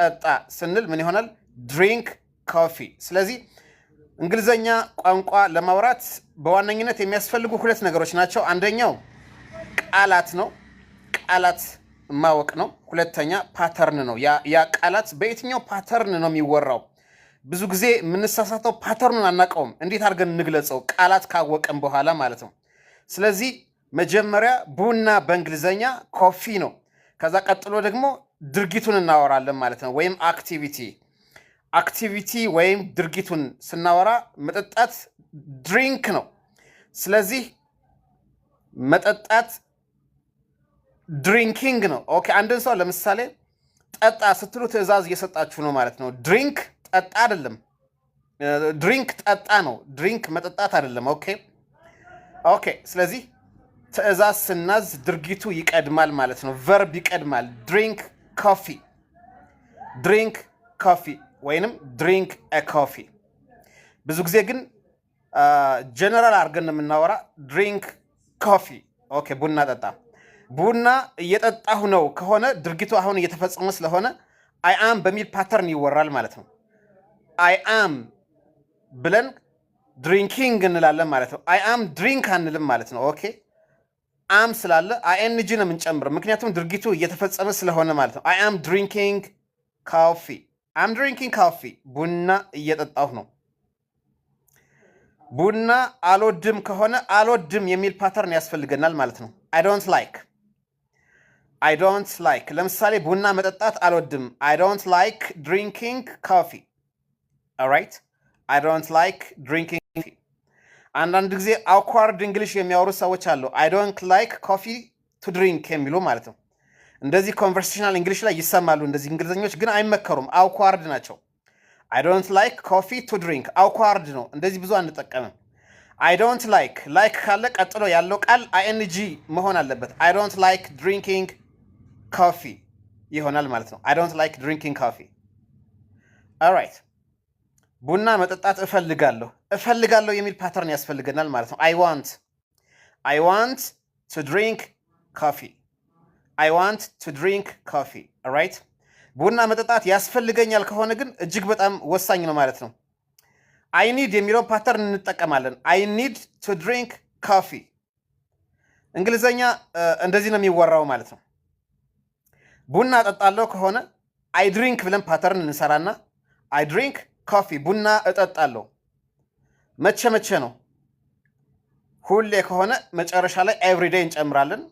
ጠጣ ስንል ምን ይሆናል? ድሪንክ ኮፊ። ስለዚህ እንግሊዘኛ ቋንቋ ለማውራት በዋነኝነት የሚያስፈልጉ ሁለት ነገሮች ናቸው። አንደኛው ቃላት ነው፣ ቃላት ማወቅ ነው። ሁለተኛ ፓተርን ነው። ያ ቃላት በየትኛው ፓተርን ነው የሚወራው? ብዙ ጊዜ የምንሳሳተው ፓተርኑን አናውቀውም። እንዴት አድርገን እንግለጸው? ቃላት ካወቅን በኋላ ማለት ነው። ስለዚህ መጀመሪያ ቡና በእንግሊዘኛ ኮፊ ነው። ከዛ ቀጥሎ ደግሞ ድርጊቱን እናወራለን ማለት ነው። ወይም አክቲቪቲ አክቲቪቲ ወይም ድርጊቱን ስናወራ መጠጣት ድሪንክ ነው። ስለዚህ መጠጣት ድሪንኪንግ ነው። ኦኬ አንድን ሰው ለምሳሌ ጠጣ ስትሉ ትዕዛዝ እየሰጣችሁ ነው ማለት ነው። ድሪንክ ጠጣ አይደለም። ድሪንክ ጠጣ ነው። ድሪንክ መጠጣት አይደለም። ኦኬ ኦኬ። ስለዚህ ትእዛዝ ስናዝ ድርጊቱ ይቀድማል ማለት ነው። ቨርብ ይቀድማል። ድሪንክ ኮፊ፣ ድሪንክ ኮፊ ወይንም ድሪንክ ኮፊ። ብዙ ጊዜ ግን ጀነራል አድርገን የምናወራ ድሪንክ ኮፊ። ኦኬ፣ ቡና ጠጣ፣ ቡና እየጠጣሁ ነው ከሆነ ድርጊቱ አሁን እየተፈጸመ ስለሆነ አይ አም በሚል ፓተርን ይወራል ማለት ነው። አይ አም ብለን ድሪንኪንግ እንላለን ማለት ነው። አይ አም ድሪንክ አንልም ማለት ነው። ኦኬ አም ስላለ አይኤንጂ ነው የምንጨምረው፣ ምክንያቱም ድርጊቱ እየተፈጸመ ስለሆነ ማለት ነው። አይ አም ድሪንኪንግ ካፊ፣ አም ድሪንኪንግ ካፊ፣ ቡና እየጠጣሁ ነው። ቡና አልወድም ከሆነ አልወድም የሚል ፓተርን ያስፈልገናል ማለት ነው። አይ ዶንት ላይክ፣ አይ ዶንት ላይክ። ለምሳሌ ቡና መጠጣት አልወድም፣ አይ ዶንት ላይክ ድሪንኪንግ ካፊ። ኦራይት፣ አይ ዶንት ላይክ ድሪንኪንግ አንዳንድ ጊዜ አኳርድ እንግሊሽ የሚያወሩ ሰዎች አሉ። አይ ዶንት ላይክ ኮፊ ቱ ድሪንክ የሚሉ ማለት ነው። እንደዚህ ኮንቨርሴሽናል እንግሊሽ ላይ ይሰማሉ። እንደዚህ እንግሊዝኞች ግን አይመከሩም፣ አውኳርድ ናቸው። አይ ዶንት ላይክ ኮፊ ቱ ድሪንክ አውኳርድ ነው። እንደዚህ ብዙ አንጠቀምም። አይ ዶንት ላይክ ላይክ ካለ ቀጥሎ ያለው ቃል አይኤንጂ መሆን አለበት። አይ ዶንት ላይክ ድሪንኪንግ ኮፊ ይሆናል ማለት ነው። አይ ዶንት ላይክ ድሪንኪንግ ኮፊ ኦልራይት ቡና መጠጣት እፈልጋለሁ እፈልጋለሁ የሚል ፓተርን ያስፈልገናል ማለት ነው። አይ ዋንት አይ ዋንት ቱ ድሪንክ ኮፊ አይ ዋንት ቱ ድሪንክ ኮፊ ራይት። ቡና መጠጣት ያስፈልገኛል ከሆነ ግን እጅግ በጣም ወሳኝ ነው ማለት ነው። አይ ኒድ የሚለው ፓተርን እንጠቀማለን። አይ ኒድ ቱ ድሪንክ ኮፊ። እንግሊዘኛ እንደዚህ ነው የሚወራው ማለት ነው። ቡና ጠጣለሁ ከሆነ አይ ድሪንክ ብለን ፓተርን እንሰራና አይ ድሪንክ ኮፊ ቡና እጠጣለሁ። መቼ መቼ ነው? ሁሌ ከሆነ መጨረሻ ላይ ኤቭሪዴይ እንጨምራለን።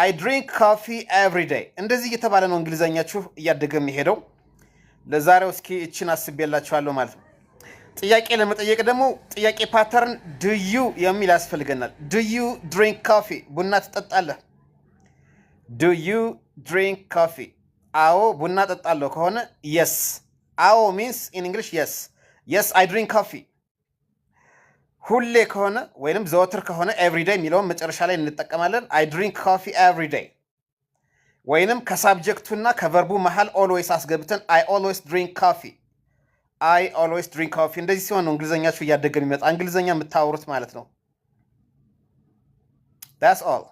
አይ ድሪንክ ኮፊ ኤቭሪዴይ። እንደዚህ እየተባለ ነው እንግሊዘኛችሁ እያደገ የሚሄደው። ለዛሬው እስኪ እችን አስቤላችኋለሁ ማለት ነው። ጥያቄ ለመጠየቅ ደግሞ ጥያቄ ፓተርን ድዩ የሚል ያስፈልገናል። ድዩ ድሪንክ ኮፊ፣ ቡና ትጠጣለህ? ድዩ ድሪንክ ኮፊ፣ አዎ ቡና ጠጣለሁ ከሆነ የስ አዎ ሚንስ ኢን እንግሊሽ የስ የስ አይ ድሪንክ ኮፊ ሁሌ ከሆነ ወይንም ዘወትር ከሆነ ኤቭሪዴይ የሚለውን መጨረሻ ላይ እንጠቀማለን። አይ ድሪንክ ኮፊ ኤቭሪዴይ ወይንም ከሳብጀክቱና ከቨርቡ መሃል ኦልዌይስ አስገብተን አይ ኦልዌይስ ድሪንክ ኮፊ አይ ኦልዌይስ ድሪንክ ኮፊ። እንደዚህ ሲሆን ነው እንግሊዝኛችሁ እያደገ የሚመጣ እንግሊዘኛ የምታወሩት ማለት ነው። ዳትስ ኦል